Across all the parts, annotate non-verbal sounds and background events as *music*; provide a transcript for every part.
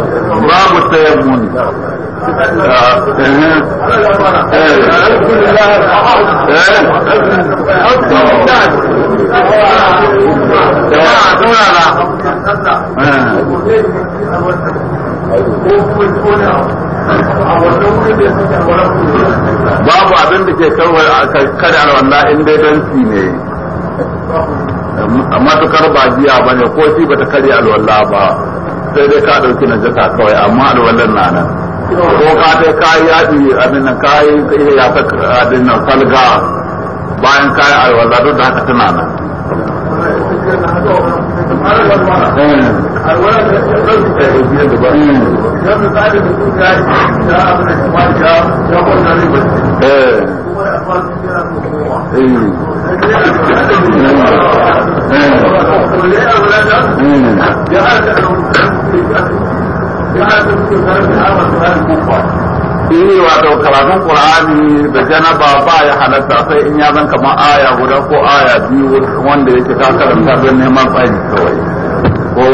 باب tayammuni babu abin da ke kada alwallah in dai dansi ne matukar ba jiya ba ne ko shi ba ta karya alwala ba sai dai ka ɗauki na jaka kawai amma alwalan na nan ko ka ta kayi yaɗi abin nan kayi ya ta abin nan salga bayan kayi alwala duk da haka tana nan Eh. Ini wato karatun Qur'ani da janaba ba ya halatta sai in ya zan kamar aya guda ko aya biyu wanda yake ka karanta don neman tsari kawai. Ko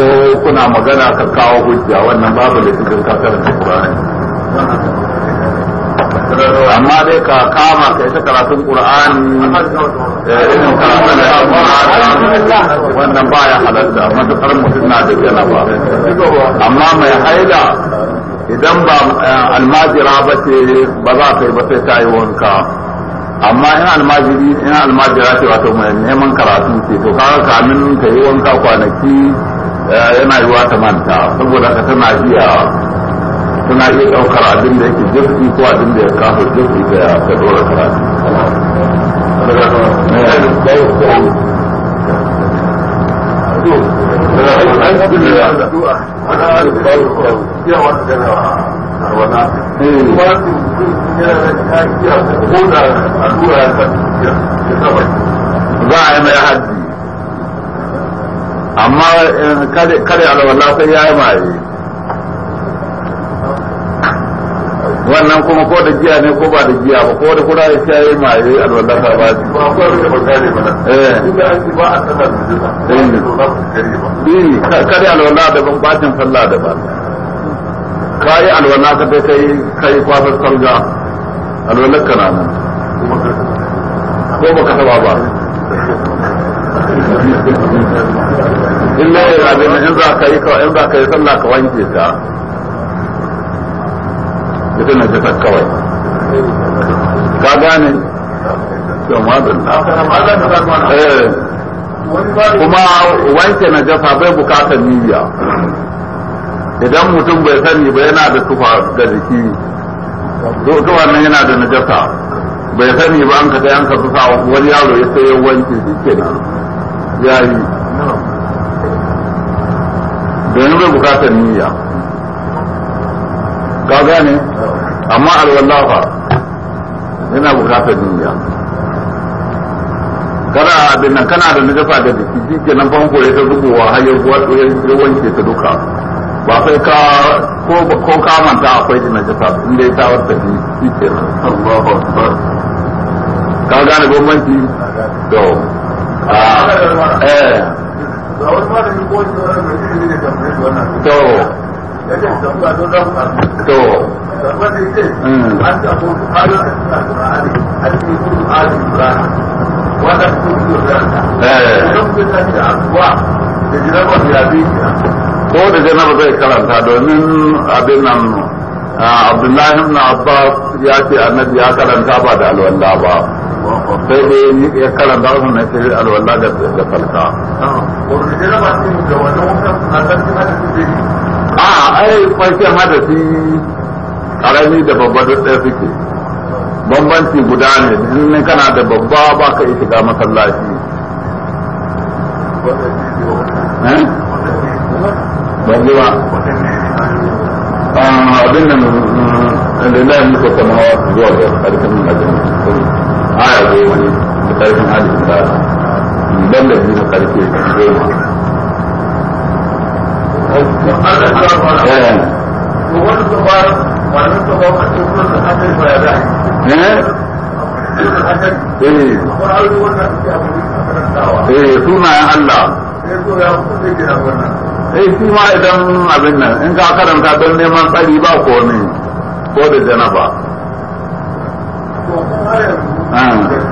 kuna magana ka kawo hujja wannan babu da cikin ka karanta Qur'ani. amma dai ka kama kai ta karatun Qur'an eh, irin karatun qur'ani wannan baya halatta matakar mutum na da yana ba amma mai haida idan ba eh, almajira ba ce ba za ta yi ba sai ta yi wanka amma in almajiri in almajira ce wato mai neman karatu ce to kaga kamin ta yi wanka kwanaki eh, yana yiwa ta manta saboda ka tana iya suna iya ɗaukar abin da yake jirgi ko abin da ya kafa jirgi da ya ta dora karatu za a yi mai hajji amma ya yi maye wannan kuma ko da giya ne ko ba da giya ba ko da kuda ya sha yi ma eh. a wallan ba ba ko da ba ba eh inda an ba a eh ba kare ba eh da ban bacin sallah da ba kai ka dai kai kai kana ko taba ba *laughs* illa ya in za ka yi in za ka yi sallah ka wanke ta ita na jasa kawai ka gane eh. kuma wanke na jasa bai bukatar niyya idan mutum bai sani ba yana da tufa da jiki tufa nan yana da najasa bai sani ba an ka ta yanka tufa wani yaro ya sai wanke shi kenan ya yi domin bai bukatar niyya ka gane amma alwallafa yana bukatar duniya kana abin nan kana da najasa da jiki jike nan famfo ya ta zubowa har ya wanke ta duka ba sai ka ko ka manta akwai da najasa inda ya tawar da shi shi ke nan ka gane gwamnati to eh to Eh. to ko da janaba zai karanta domin abin nan ah, abdullahi ibn abbas ya ce annabi ya karanta ba da alwala ba sai dai ya karanta su na ce alwala da falka ah, a ai kwanciyar hadafi karami da babba duk ɗaya suke bambanci guda ne in kana da babba ba ka ga masallaci eh? ba ah, abin nan eh, muka zuwa ga ƙarfin da ƙarfin da da na ƙarfe goma Eh, sunayen Allah idan abin nan in ka karanta don neman tsari ba ko ne ko da janaba. Ah.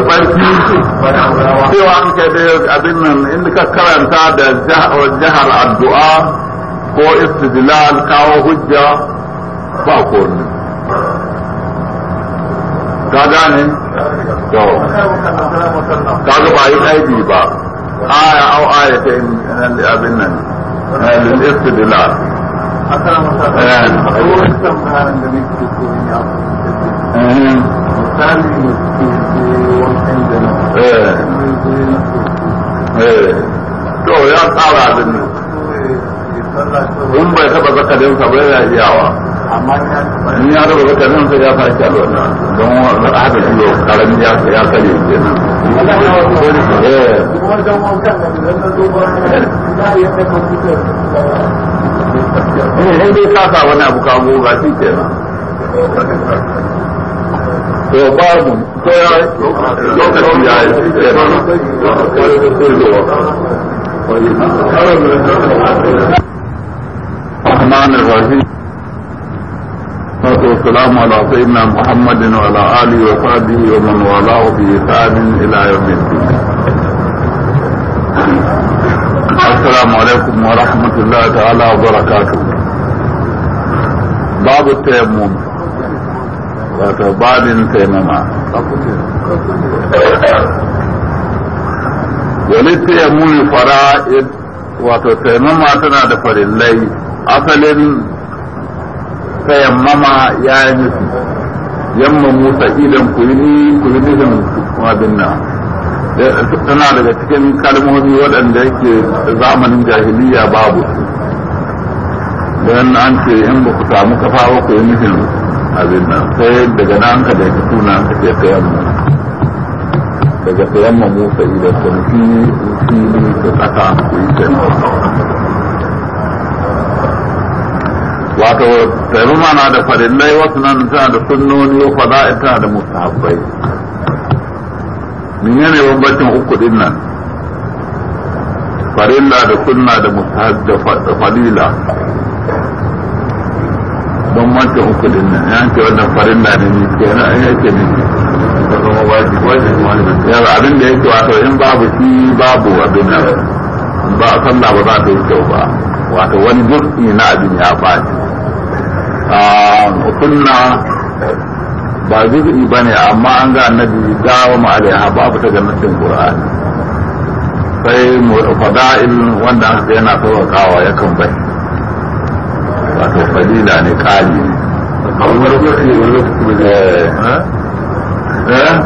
da tsarki cewa an kai da abin nan inda ka karanta da jihar addu'a ko istidlal kawo hujja ba ko ne ka gane to ka ga ba yi ba aya au aya ta abin nan lil istidlal eh. a Eh. Eh. to ya tsara da ne in bai taba zakarin sa bai yawa in ya taba zakarin sa ya sake alwala don haka shi yau karami ya ya kare kenan eh. eh in dai ka sa wani abu ka goga shi kenan to babu ko ya lokaci ya yi الرحمن الرحيم والصلاة والسلام على سيدنا محمد وعلى آله وصحبه ومن والاه بإحسان إلى يوم الدين السلام عليكم ورحمة الله تعالى وبركاته باب التيمم wato babin taimama wani ya muni fara wato taimama tana da farillai asalin taimama ya yi nufi yamma musa idan ku yi nufin nan tana daga cikin kalmomi waɗanda yake zamanin jahiliya babu su don an ce in ba ku samu kafa ba ku yi nufin abin nan sai daga nan ka da suna ka ce ka yamma daga yamma mu musa da sanfi fili da kasa ku yi ta wato taimama na da farillai wasu nan tana da sunnoni wa fada'i tana da mustahabbai menene bambancin uku din nan farilla da sunna da mustahab da fadila don mace uku din nan ya ce wannan farin na ne ne ke na ya ce ne ta zama wajen wajen wajen ya abin da yake wato in babu shi babu abin nan ba a kan ba za ta yi kyau ba wato wani jurfi na abin ya baci kunna ba jurfi ba ne amma an ga annabi gawa ma'alaiha babu ta gannatin qur'ani sai mu fada'il wanda aka yana sauƙaƙawa yakan bai fadila ne kali ne wani eh, eh?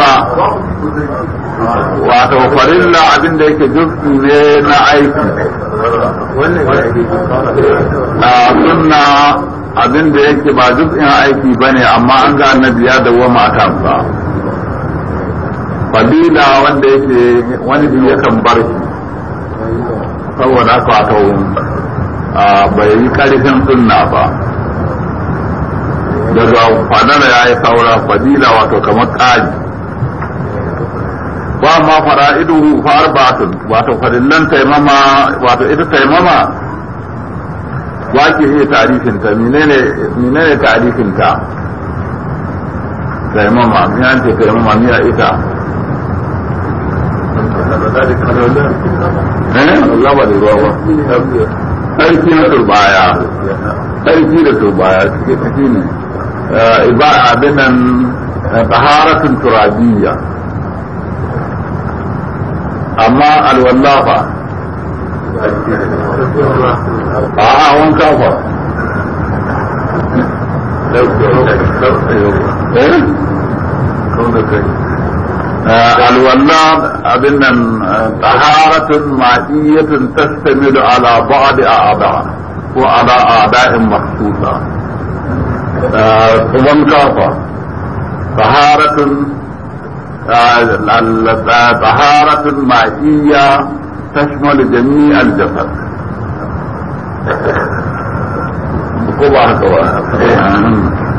ba wato farilla abin da yake jufi ne na aiki na sunna abin da yake ba jufin aiki ba ne amma an ga annabi ya dawwama a ba fadila wanda yake wani biyu yakan bar shi saboda haka wato bai yi karfin sunna ba daga fadala ya yi saura fadila wato kamar ƙari ba ma fara idu fa'ar batun wato fadillan taimama wato ita taimama ba ki iya tarifinta menene tarifinta taimama miyan ce taimama miya ita Allah eh? ba da ruwa ba sarki na turbaya sarki da turbaya suke kashi ne iba abin taharatun turabiyya amma alwallafa a'a wanka fa eh آه، الولاد أظن آه، طهارة مائية تشتمل على بعض أعضاء وعلى أعضاء مخصوصة آه، كافة طهارة طهارة مائية تشمل جميع الجسد قبعة